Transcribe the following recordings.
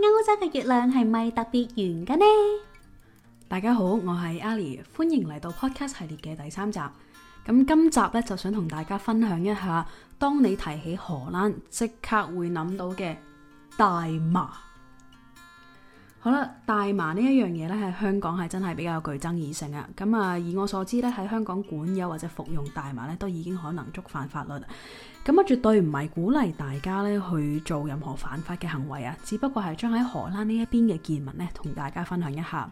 歐洲嘅月亮係咪特別圓嘅呢？大家好，我係 Ali，歡迎嚟到 Podcast 系列嘅第三集。咁今集呢，就想同大家分享一下，當你提起荷蘭，即刻會諗到嘅大麻。好啦，大麻呢一樣嘢咧，喺香港係真係比較具爭議性啊！咁啊，以我所知咧，喺香港管有或者服用大麻咧，都已經可能觸犯法律。咁啊，絕對唔係鼓勵大家咧去做任何犯法嘅行為啊！只不過係將喺荷蘭呢一邊嘅見聞咧，同大家分享一下。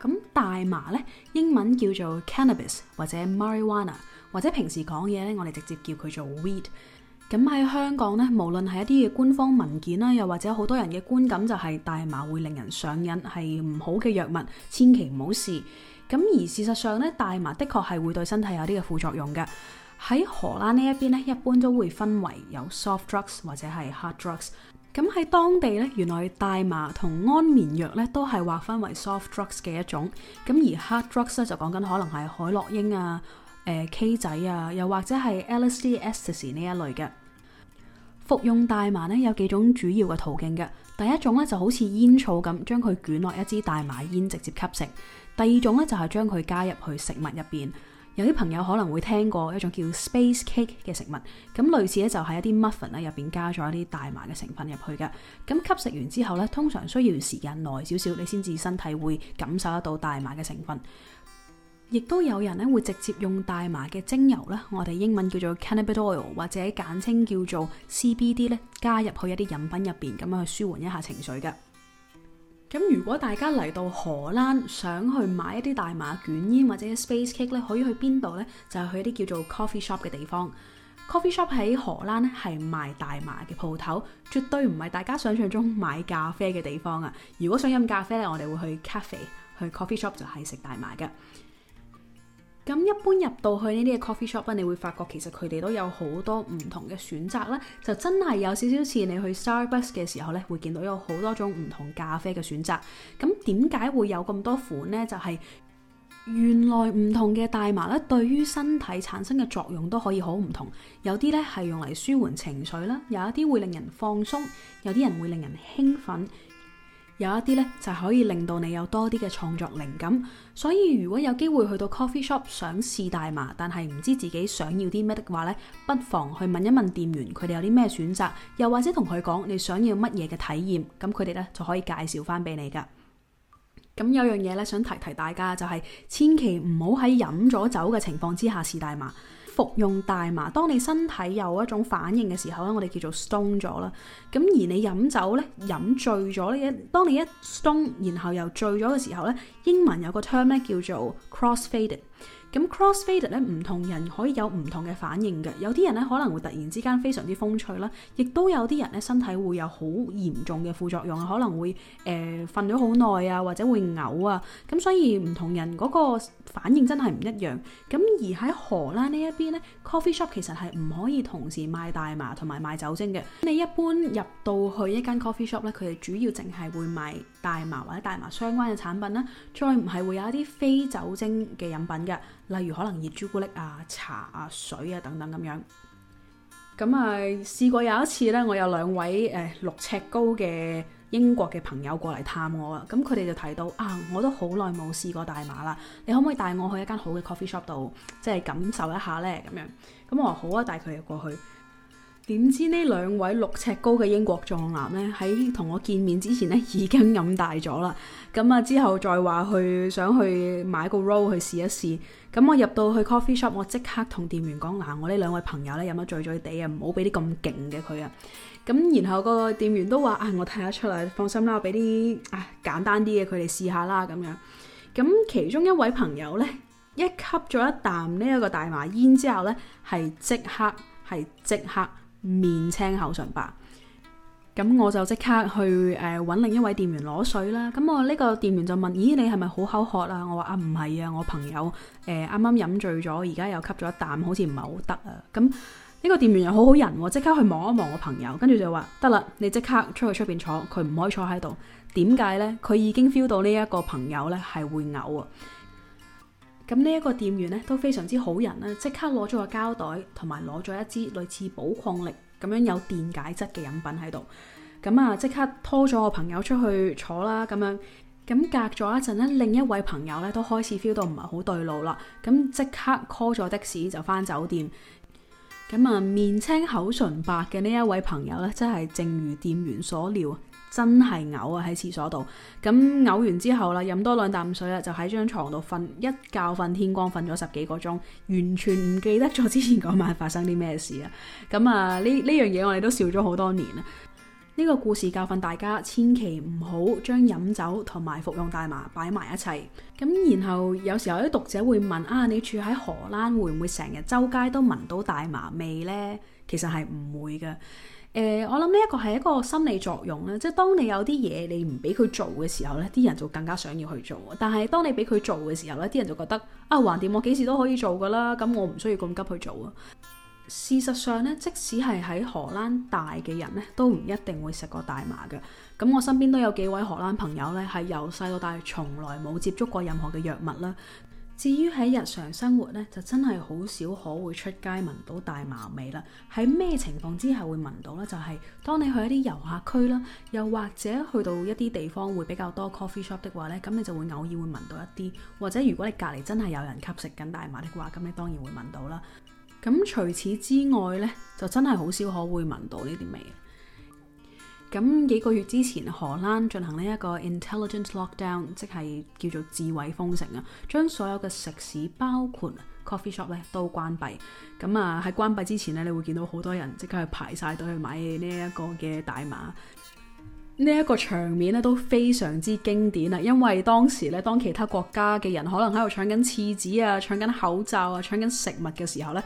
咁大麻咧，英文叫做 cannabis 或者 marijuana，或者平時講嘢咧，我哋直接叫佢做 weed。咁喺香港咧，無論係一啲嘅官方文件啦，又或者好多人嘅觀感就係大麻會令人上癮，係唔好嘅藥物，千祈唔好試。咁而事實上咧，大麻的確係會對身體有啲嘅副作用嘅。喺荷蘭呢一邊咧，一般都會分為有 soft drugs 或者係 hard drugs。咁喺當地咧，原來大麻同安眠藥咧都係劃分為 soft drugs 嘅一種。咁而 hard drugs 咧就講緊可能係海洛英啊、呃、K 仔啊，又或者係 LSD、ecstasy 呢一類嘅。服用大麻咧有幾種主要嘅途徑嘅，第一種咧就好似煙草咁，將佢捲落一支大麻煙直接吸食；第二種咧就係將佢加入去食物入邊。有啲朋友可能會聽過一種叫 space cake 嘅食物，咁類似咧就係一啲 muffin 咧入邊加咗一啲大麻嘅成分入去嘅。咁吸食完之後咧，通常需要時間耐少少，你先至身體會感受得到大麻嘅成分。亦都有人咧會直接用大麻嘅精油咧，我哋英文叫做 cannabis oil，或者簡稱叫做 CBD 咧，加入去一啲飲品入面，咁樣去舒緩一下情緒嘅。咁如果大家嚟到荷蘭，想去買一啲大麻捲煙或者 space cake 咧，可以去邊度咧？就係去一啲叫做 coffee shop 嘅地方。coffee shop 喺荷蘭咧係賣大麻嘅鋪頭，絕對唔係大家想象中買咖啡嘅地方啊。如果想飲咖啡咧，我哋會去 cafe，去 coffee shop 就係食大麻嘅。咁一般入到去呢啲嘅 coffee shop 咧，你會發覺其實佢哋都有好多唔同嘅選擇啦，就真係有少少似你去 Starbucks 嘅時候咧，會見到有好多種唔同咖啡嘅選擇。咁點解會有咁多款咧？就係原來唔同嘅大麻咧，對於身體產生嘅作用都可以好唔同。有啲咧係用嚟舒緩情緒啦，有一啲會令人放鬆，有啲人會令人興奮。有一啲咧就可以令到你有多啲嘅創作靈感，所以如果有機會去到 coffee shop 想試大麻，但係唔知自己想要啲咩的話咧，不妨去問一問店員，佢哋有啲咩選擇，又或者同佢講你想要乜嘢嘅體驗，咁佢哋咧就可以介紹翻俾你噶。咁有樣嘢咧想提提大家，就係千祈唔好喺飲咗酒嘅情況之下試大麻。服用大麻，當你身體有一種反應嘅時候咧，我哋叫做 stone 咗啦。咁而你飲酒咧，飲醉咗呢，一當你一 stone，然後又醉咗嘅時候咧，英文有個 term 咧叫做 crossfaded。咁 crossfade 咧唔同人可以有唔同嘅反應嘅，有啲人咧可能會突然之間非常之風趣啦，亦都有啲人咧身體會有好嚴重嘅副作用啊，可能會誒瞓咗好耐啊，或者會嘔啊，咁所以唔同人嗰個反應真係唔一樣。咁而喺荷蘭呢一邊咧，coffee shop 其實係唔可以同時賣大麻同埋賣酒精嘅。你一般入到去一間 coffee shop 咧，佢哋主要淨係會賣。大麻或者大麻相關嘅產品咧，再唔係會有一啲非酒精嘅飲品嘅，例如可能熱朱古力啊、茶啊、水啊等等咁樣。咁啊，試過有一次呢，我有兩位誒、呃、六尺高嘅英國嘅朋友過嚟探我啊，咁佢哋就提到啊，我都好耐冇試過大麻啦，你可唔可以帶我去一間好嘅 coffee shop 度，即係感受一下呢？咁樣，咁我話好啊，帶佢哋過去。點知呢兩位六尺高嘅英國壯男呢，喺同我見面之前呢，已經飲大咗啦。咁啊，之後再話去想去買個 roll 去試一試。咁我入到去 coffee shop，我即刻同店員講：嗱，我呢兩位朋友呢，飲得醉醉地啊，唔好俾啲咁勁嘅佢啊。咁然後個店員都話：啊，我睇得出嚟，放心啦，我俾啲啊簡單啲嘅佢哋試下啦。咁樣。咁其中一位朋友呢，一吸咗一啖呢一個大麻煙之後呢，係即刻，係即刻。面青口唇白，咁我就即刻去誒搵、呃、另一位店員攞水啦。咁我呢個店員就問：咦，你係咪好口渴啊？我話啊，唔係啊，我朋友誒啱啱飲醉咗，而家又吸咗一啖，好似唔係好得啊。咁呢個店員又好好人，啊，即刻去望一望我朋友，跟住就話得啦，你即刻出去出邊坐，佢唔可以坐喺度。點解呢？佢已經 feel 到呢一個朋友呢係會嘔啊。咁呢一個店員咧，都非常之好人啦，即刻攞咗個膠袋，同埋攞咗一支類似寶礦力咁樣有電解質嘅飲品喺度。咁啊，即刻拖咗我朋友出去坐啦，咁樣。咁隔咗一陣咧，另一位朋友咧都開始 feel 到唔係好對路啦。咁即刻 call 咗的士就返酒店。咁啊，面青口唇白嘅呢一位朋友咧，真係正如店員所料。真係嘔啊！喺廁所度，咁嘔完之後啦，飲多兩啖水啦，就喺張床度瞓一覺，瞓天光，瞓咗十幾個鐘，完全唔記得咗之前嗰晚發生啲咩事啦。咁啊，呢呢樣嘢我哋都笑咗好多年啦。呢個故事教訓大家，千祈唔好將飲酒同埋服用大麻擺埋一齊。咁然後有時候啲讀者會問啊，你住喺荷蘭會唔會成日周街都聞到大麻味呢？其實係唔會嘅。誒、呃，我諗呢一個係一個心理作用啦，即係當你有啲嘢你唔俾佢做嘅時候咧，啲人就更加想要去做。但係當你俾佢做嘅時候咧，啲人就覺得啊，橫掂我幾時都可以做噶啦，咁我唔需要咁急去做啊。事實上呢，即使係喺荷蘭大嘅人呢，都唔一定會食過大麻嘅。咁我身邊都有幾位荷蘭朋友咧，係由細到大從來冇接觸過任何嘅藥物啦。至於喺日常生活咧，就真係好少可會出街聞到大麻味啦。喺咩情況之下會聞到呢？就係當你去一啲遊客區啦，又或者去到一啲地方會比較多 coffee shop 的話咧，咁你就會偶爾會聞到一啲。或者如果你隔離真係有人吸食緊大麻的話，咁你當然會聞到啦。咁除此之外呢，就真係好少可會聞到呢啲味。咁幾個月之前，荷蘭進行呢一個 intelligent lockdown，即係叫做智慧封城啊，將所有嘅食肆，包括 coffee shop 咧，都關閉。咁啊喺關閉之前咧，你會見到好多人即刻去排晒隊去買呢一個嘅大麻。呢一個場面咧都非常之經典啊，因為當時咧，當其他國家嘅人可能喺度搶緊廁紙啊、搶緊口罩啊、搶緊食物嘅時候咧，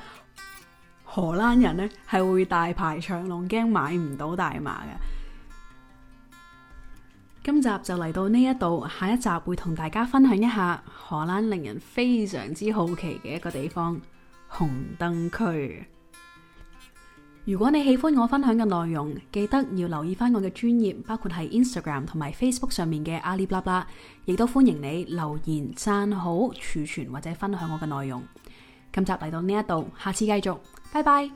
荷蘭人咧係會大排長龍，驚買唔到大麻嘅。今集就嚟到呢一度，下一集會同大家分享一下荷蘭令人非常之好奇嘅一個地方——紅燈區。如果你喜歡我分享嘅內容，記得要留意返我嘅專頁，包括喺 Instagram 同埋 Facebook 上面嘅阿哩啦啦，亦都歡迎你留言、讚好、儲存或者分享我嘅內容。今集嚟到呢一度，下次繼續，拜拜。